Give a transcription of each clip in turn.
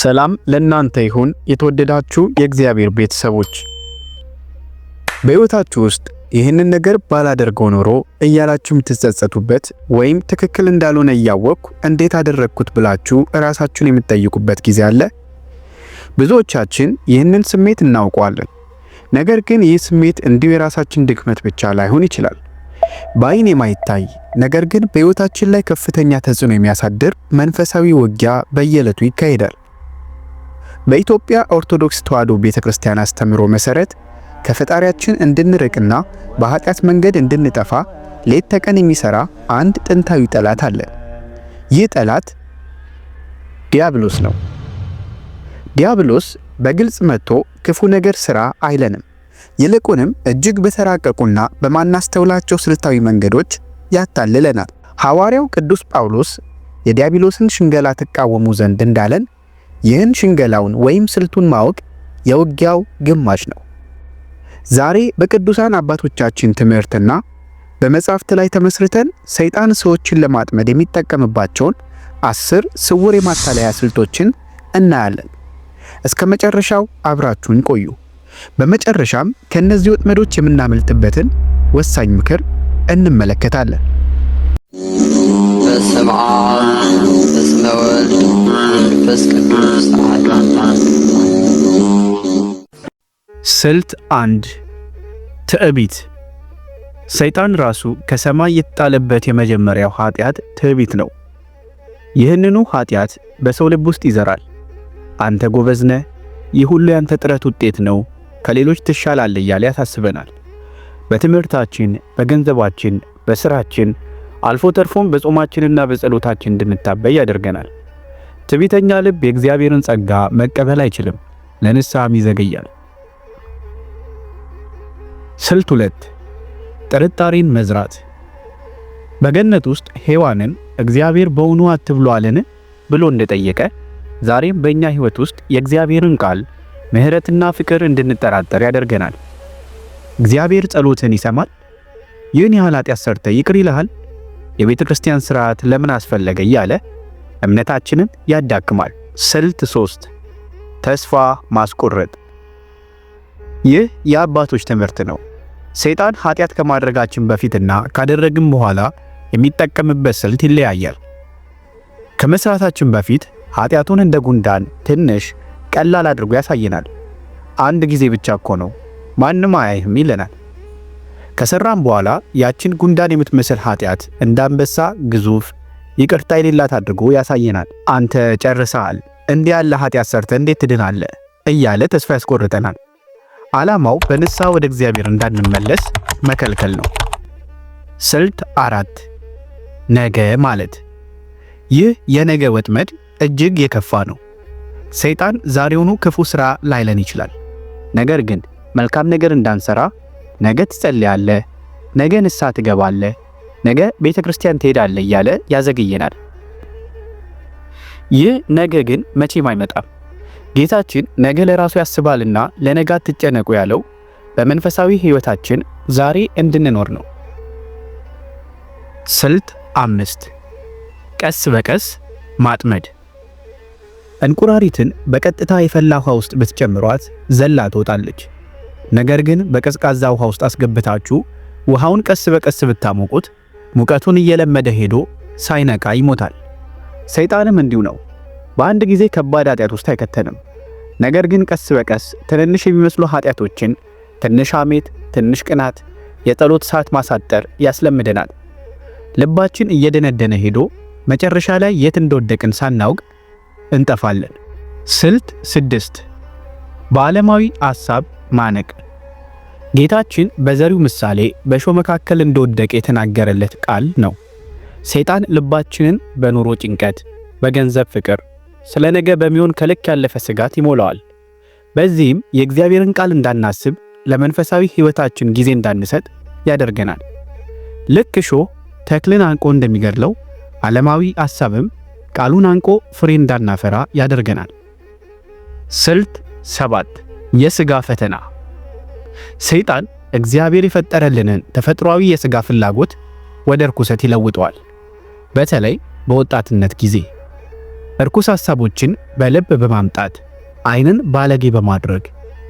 ሰላም ለእናንተ ይሁን የተወደዳችሁ የእግዚአብሔር ቤተሰቦች። በሕይወታችሁ ውስጥ ይህንን ነገር ባላደርገው ኖሮ እያላችሁ የምትጸጸቱበት ወይም ትክክል እንዳልሆነ እያወቅኩ እንዴት አደረግኩት ብላችሁ ራሳችሁን የምትጠይቁበት ጊዜ አለ። ብዙዎቻችን ይህንን ስሜት እናውቀዋለን። ነገር ግን ይህ ስሜት እንዲሁ የራሳችን ድክመት ብቻ ላይሆን ይችላል። በአይን የማይታይ ነገር ግን በሕይወታችን ላይ ከፍተኛ ተጽዕኖ የሚያሳድር መንፈሳዊ ውጊያ በየዕለቱ ይካሄዳል። በኢትዮጵያ ኦርቶዶክስ ተዋሕዶ ቤተክርስቲያን አስተምህሮ መሰረት ከፈጣሪያችን እንድንርቅና በኃጢአት መንገድ እንድንጠፋ ሌት ተቀን የሚሰራ አንድ ጥንታዊ ጠላት አለ። ይህ ጠላት ዲያብሎስ ነው። ዲያብሎስ በግልጽ መጥቶ ክፉ ነገር ስራ አይለንም። ይልቁንም እጅግ በተራቀቁና በማናስተውላቸው ስልታዊ መንገዶች ያታልለናል። ሐዋርያው ቅዱስ ጳውሎስ የዲያብሎስን ሽንገላ ትቃወሙ ዘንድ እንዳለን ይህን ሽንገላውን ወይም ስልቱን ማወቅ የውጊያው ግማሽ ነው። ዛሬ በቅዱሳን አባቶቻችን ትምህርትና በመጻሕፍት ላይ ተመስርተን ሰይጣን ሰዎችን ለማጥመድ የሚጠቀምባቸውን አስር ስውር የማታለያ ስልቶችን እናያለን። እስከ መጨረሻው አብራችሁን ቆዩ። በመጨረሻም ከእነዚህ ወጥመዶች የምናመልጥበትን ወሳኝ ምክር እንመለከታለን። መንፈስ ቅዱስ ስልት አንድ ትዕቢት ሰይጣን ራሱ ከሰማይ የተጣለበት የመጀመሪያው ኃጢአት ትዕቢት ነው። ይህንኑ ኃጢአት በሰው ልብ ውስጥ ይዘራል። አንተ ጎበዝነ ይህ ሁሉ ያንተ ጥረት ውጤት ነው፣ ከሌሎች ትሻላለህ እያለ ያሳስበናል። በትምህርታችን፣ በገንዘባችን፣ በስራችን፣ አልፎ ተርፎም በጾማችንና በጸሎታችን እንድንታበይ ያደርገናል። ትቢተኛ ልብ የእግዚአብሔርን ጸጋ መቀበል አይችልም፣ ለንስሐም ይዘገያል። ስልት ሁለት ጥርጣሬን መዝራት። በገነት ውስጥ ሔዋንን እግዚአብሔር በውኑ አትብሏልን ብሎ እንደጠየቀ ዛሬም በእኛ ሕይወት ውስጥ የእግዚአብሔርን ቃል ምሕረትና ፍቅር እንድንጠራጠር ያደርገናል። እግዚአብሔር ጸሎትን ይሰማል። ይህን ያህል ኃጢአት ሰርተ ይቅር ይልሃል የቤተ ክርስቲያን ስርዓት ለምን አስፈለገ እያለ እምነታችንን ያዳክማል። ስልት ሶስት ተስፋ ማስቆረጥ። ይህ የአባቶች ትምህርት ነው። ሰይጣን ኃጢአት ከማድረጋችን በፊትና ካደረግም በኋላ የሚጠቀምበት ስልት ይለያያል። ከመስራታችን በፊት ኃጢአቱን እንደ ጉንዳን ትንሽ ቀላል አድርጎ ያሳየናል። አንድ ጊዜ ብቻ እኮ ነው፣ ማንም አያይህም ይለናል። ከሰራም በኋላ ያችን ጉንዳን የምትመስል ኃጢአት እንዳንበሳ ግዙፍ ይቅርታ የሌላት አድርጎ ያሳየናል። አንተ ጨርሰሃል፣ እንዲህ ያለ ኃጢአት ሰርተ እንዴት ትድናለ? እያለ ተስፋ ያስቆርጠናል። ዓላማው በንስሐ ወደ እግዚአብሔር እንዳንመለስ መከልከል ነው። ስልት አራት ነገ ማለት። ይህ የነገ ወጥመድ እጅግ የከፋ ነው። ሰይጣን ዛሬውኑ ክፉ ሥራ ላይለን ይችላል። ነገር ግን መልካም ነገር እንዳንሰራ ነገ ትጸልያለህ፣ ነገ ንስሐ ትገባለህ፣ ነገ ቤተ ክርስቲያን ትሄዳለህ እያለ ያዘግየናል። ይህ ነገ ግን መቼም አይመጣም። ጌታችን ነገ ለራሱ ያስባልና ለነገ አትጨነቁ ያለው በመንፈሳዊ ሕይወታችን ዛሬ እንድንኖር ነው። ስልት አምስት ቀስ በቀስ ማጥመድ። እንቁራሪትን በቀጥታ የፈላ ውሃ ውስጥ ብትጨምሯት ዘላ ትወጣለች። ነገር ግን በቀዝቃዛ ውሃ ውስጥ አስገብታችሁ ውሃውን ቀስ በቀስ ብታሞቁት ሙቀቱን እየለመደ ሄዶ ሳይነቃ ይሞታል። ሰይጣንም እንዲሁ ነው። በአንድ ጊዜ ከባድ ኃጢአት ውስጥ አይከተንም። ነገር ግን ቀስ በቀስ ትንንሽ የሚመስሉ ኃጢአቶችን፣ ትንሽ ሐሜት፣ ትንሽ ቅናት፣ የጸሎት ሰዓት ማሳጠር ያስለምደናል። ልባችን እየደነደነ ሄዶ መጨረሻ ላይ የት እንደወደቅን ሳናውቅ እንጠፋለን። ስልት ስድስት በዓለማዊ ሐሳብ ማነቅ ጌታችን በዘሪው ምሳሌ በእሾህ መካከል እንደወደቀ የተናገረለት ቃል ነው። ሰይጣን ልባችንን በኑሮ ጭንቀት፣ በገንዘብ ፍቅር፣ ስለ ነገ በሚሆን ከልክ ያለፈ ስጋት ይሞላዋል። በዚህም የእግዚአብሔርን ቃል እንዳናስብ፣ ለመንፈሳዊ ሕይወታችን ጊዜ እንዳንሰጥ ያደርገናል። ልክ እሾህ ተክልን አንቆ እንደሚገድለው ዓለማዊ አሳብም ቃሉን አንቆ ፍሬ እንዳናፈራ ያደርገናል። ስልት ሰባት የስጋ ፈተና። ሰይጣን እግዚአብሔር የፈጠረልንን ተፈጥሯዊ የስጋ ፍላጎት ወደ እርኩሰት ይለውጠዋል። በተለይ በወጣትነት ጊዜ እርኩስ ሐሳቦችን በልብ በማምጣት አይንን ባለጌ በማድረግ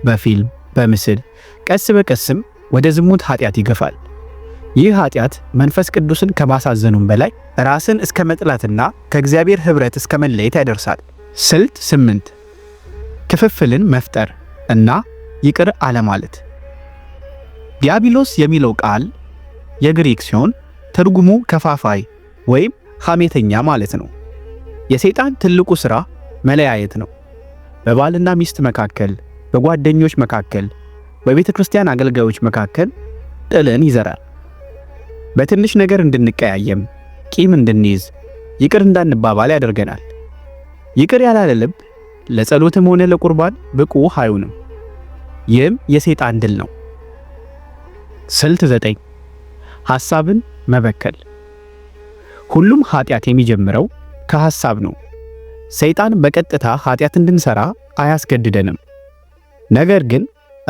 በፊልም በምስል ቀስ በቀስም ወደ ዝሙት ኃጢአት ይገፋል። ይህ ኃጢአት መንፈስ ቅዱስን ከማሳዘኑም በላይ ራስን እስከ መጥላትና ከእግዚአብሔር ኅብረት እስከ መለየት ያደርሳል። ስልት ስምንት ክፍፍልን መፍጠር እና ይቅር አለማለት። ዲያብሎስ የሚለው ቃል የግሪክ ሲሆን ትርጉሙ ከፋፋይ ወይም ሐሜተኛ ማለት ነው። የሰይጣን ትልቁ ሥራ መለያየት ነው። በባልና ሚስት መካከል፣ በጓደኞች መካከል፣ በቤተ ክርስቲያን አገልጋዮች መካከል ጥልን ይዘራል። በትንሽ ነገር እንድንቀያየም፣ ቂም እንድንይዝ፣ ይቅር እንዳንባባል ያደርገናል። ይቅር ያላለ ልብ ለጸሎትም ሆነ ለቁርባን ብቁ አይሆንም። ይህም የሰይጣን ድል ነው። ስልት ዘጠኝ ሐሳብን መበከል። ሁሉም ኃጢአት የሚጀምረው ከሐሳብ ነው። ሰይጣን በቀጥታ ኃጢአት እንድንሰራ አያስገድደንም። ነገር ግን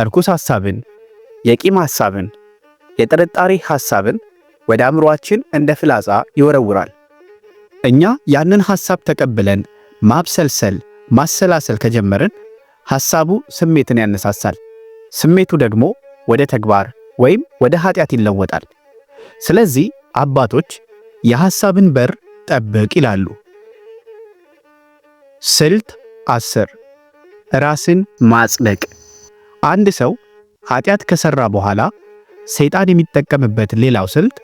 እርኩስ ሐሳብን፣ የቂም ሐሳብን፣ የጥርጣሬ ሐሳብን ወደ አእምሮአችን እንደ ፍላጻ ይወረውራል። እኛ ያንን ሐሳብ ተቀብለን ማብሰልሰል ማሰላሰል ከጀመርን ሐሳቡ ስሜትን ያነሳሳል። ስሜቱ ደግሞ ወደ ተግባር ወይም ወደ ኃጢአት ይለወጣል። ስለዚህ አባቶች የሐሳብን በር ጠብቅ ይላሉ። ስልት አስር ራስን ማጽደቅ። አንድ ሰው ኃጢአት ከሠራ በኋላ ሰይጣን የሚጠቀምበት ሌላው ስልት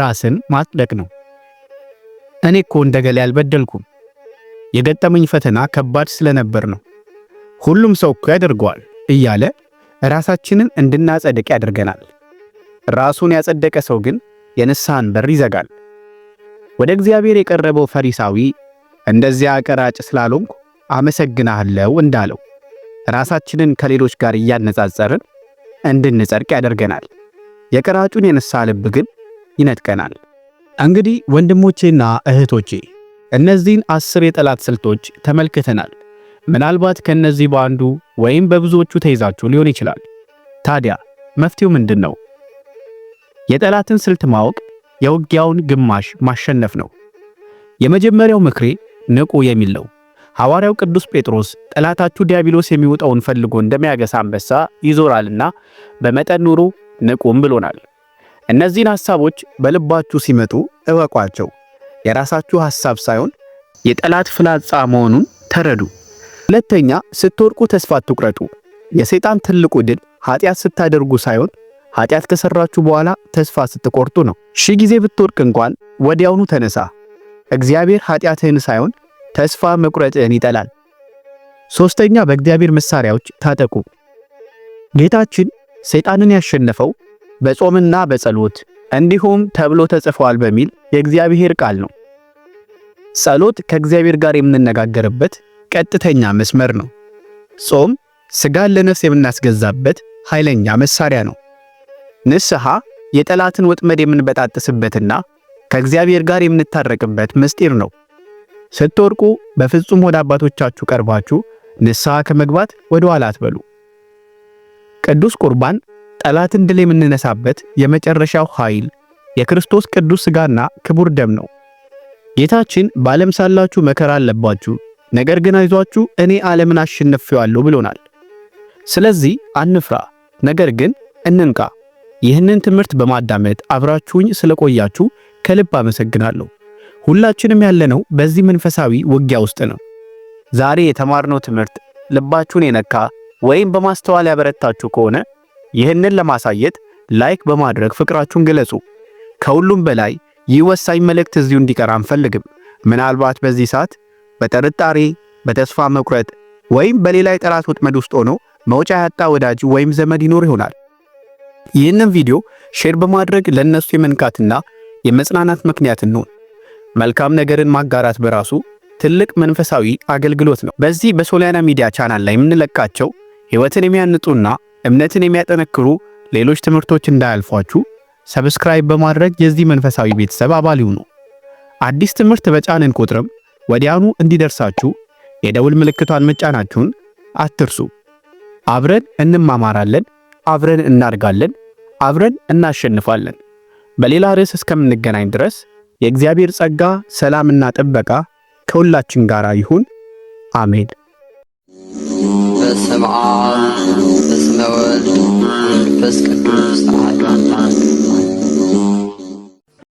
ራስን ማጽደቅ ነው። እኔ እኮ እንደገሌ አልበደልኩም የገጠመኝ ፈተና ከባድ ስለነበር ነው። ሁሉም ሰው እኮ ያደርገዋል እያለ ራሳችንን እንድናጸድቅ ያደርገናል። ራሱን ያጸደቀ ሰው ግን የንስሐን በር ይዘጋል። ወደ እግዚአብሔር የቀረበው ፈሪሳዊ እንደዚያ ቀራጭ ስላልሆንኩ አመሰግናለሁ እንዳለው ራሳችንን ከሌሎች ጋር እያነጻጸርን እንድንጸድቅ ያደርገናል። የቀራጩን የንስሐ ልብ ግን ይነጥቀናል። እንግዲህ ወንድሞቼና እህቶቼ እነዚህን አስር የጠላት ስልቶች ተመልክተናል። ምናልባት ከነዚህ በአንዱ ወይም በብዙዎቹ ተይዛችሁ ሊሆን ይችላል። ታዲያ መፍትሄው ምንድን ነው? የጠላትን ስልት ማወቅ የውጊያውን ግማሽ ማሸነፍ ነው። የመጀመሪያው ምክሬ ንቁ የሚል ነው። ሐዋርያው ቅዱስ ጴጥሮስ ጠላታችሁ ዲያብሎስ የሚውጠውን ፈልጎ እንደሚያገሳ አንበሳ ይዞራልና በመጠን ኑሩ ንቁም ብሎናል። እነዚህን ሐሳቦች በልባችሁ ሲመጡ እወቋቸው። የራሳችሁ ሐሳብ ሳይሆን የጠላት ፍላጻ መሆኑን ተረዱ። ሁለተኛ፣ ስትወድቁ ተስፋ አትቁረጡ። የሰይጣን ትልቁ ድል ኃጢአት ስታደርጉ ሳይሆን ኃጢአት ከሰራችሁ በኋላ ተስፋ ስትቆርጡ ነው። ሺ ጊዜ ብትወድቅ እንኳን ወዲያውኑ ተነሳ። እግዚአብሔር ኃጢአትህን ሳይሆን ተስፋ መቁረጥህን ይጠላል። ሶስተኛ፣ በእግዚአብሔር መሳሪያዎች ታጠቁ። ጌታችን ሰይጣንን ያሸነፈው በጾምና በጸሎት እንዲሁም ተብሎ ተጽፏል በሚል የእግዚአብሔር ቃል ነው። ጸሎት ከእግዚአብሔር ጋር የምንነጋገርበት ቀጥተኛ መስመር ነው። ጾም ስጋን ለነፍስ የምናስገዛበት ኃይለኛ መሳሪያ ነው። ንስሐ የጠላትን ወጥመድ የምንበጣጥስበትና ከእግዚአብሔር ጋር የምንታረቅበት ምስጢር ነው። ስትወርቁ በፍጹም ወደ አባቶቻችሁ ቀርባችሁ ንስሐ ከመግባት ወደ ኋላ አትበሉ። ቅዱስ ቁርባን ጠላትን ድል የምንነሳበት የመጨረሻው ኃይል የክርስቶስ ቅዱስ ሥጋና ክቡር ደም ነው። ጌታችን በዓለም ሳላችሁ መከራ አለባችሁ፣ ነገር ግን አይዟችሁ እኔ ዓለምን አሸንፌዋለሁ ብሎናል። ስለዚህ አንፍራ፣ ነገር ግን እንንቃ። ይህንን ትምህርት በማዳመጥ አብራችሁኝ ስለቆያችሁ ከልብ አመሰግናለሁ። ሁላችንም ያለነው በዚህ መንፈሳዊ ውጊያ ውስጥ ነው። ዛሬ የተማርነው ትምህርት ልባችሁን የነካ ወይም በማስተዋል ያበረታችሁ ከሆነ ይህንን ለማሳየት ላይክ በማድረግ ፍቅራችሁን ግለጹ። ከሁሉም በላይ ይህ ወሳኝ መልእክት እዚሁ እንዲቀር አንፈልግም። ምናልባት በዚህ ሰዓት በጥርጣሬ በተስፋ መቁረጥ ወይም በሌላ የጠላት ወጥመድ ውስጥ ሆኖ መውጫ ያጣ ወዳጅ ወይም ዘመድ ይኖር ይሆናል። ይህንን ቪዲዮ ሼር በማድረግ ለእነሱ የመንቃትና የመጽናናት ምክንያት እንሆን። መልካም ነገርን ማጋራት በራሱ ትልቅ መንፈሳዊ አገልግሎት ነው። በዚህ በሶሊያና ሚዲያ ቻናል ላይ የምንለቃቸው ሕይወትን የሚያንጡና እምነትን የሚያጠነክሩ ሌሎች ትምህርቶች እንዳያልፏችሁ ሰብስክራይብ በማድረግ የዚህ መንፈሳዊ ቤተሰብ አባል ይሁኑ። አዲስ ትምህርት በጫንን ቁጥርም ወዲያኑ እንዲደርሳችሁ የደውል ምልክቷን መጫናችሁን አትርሱ። አብረን እንማማራለን፣ አብረን እናድጋለን፣ አብረን እናሸንፋለን። በሌላ ርዕስ እስከምንገናኝ ድረስ የእግዚአብሔር ጸጋ ሰላምና ጥበቃ ከሁላችን ጋር ይሁን። አሜን። በስመ አብ the first comes the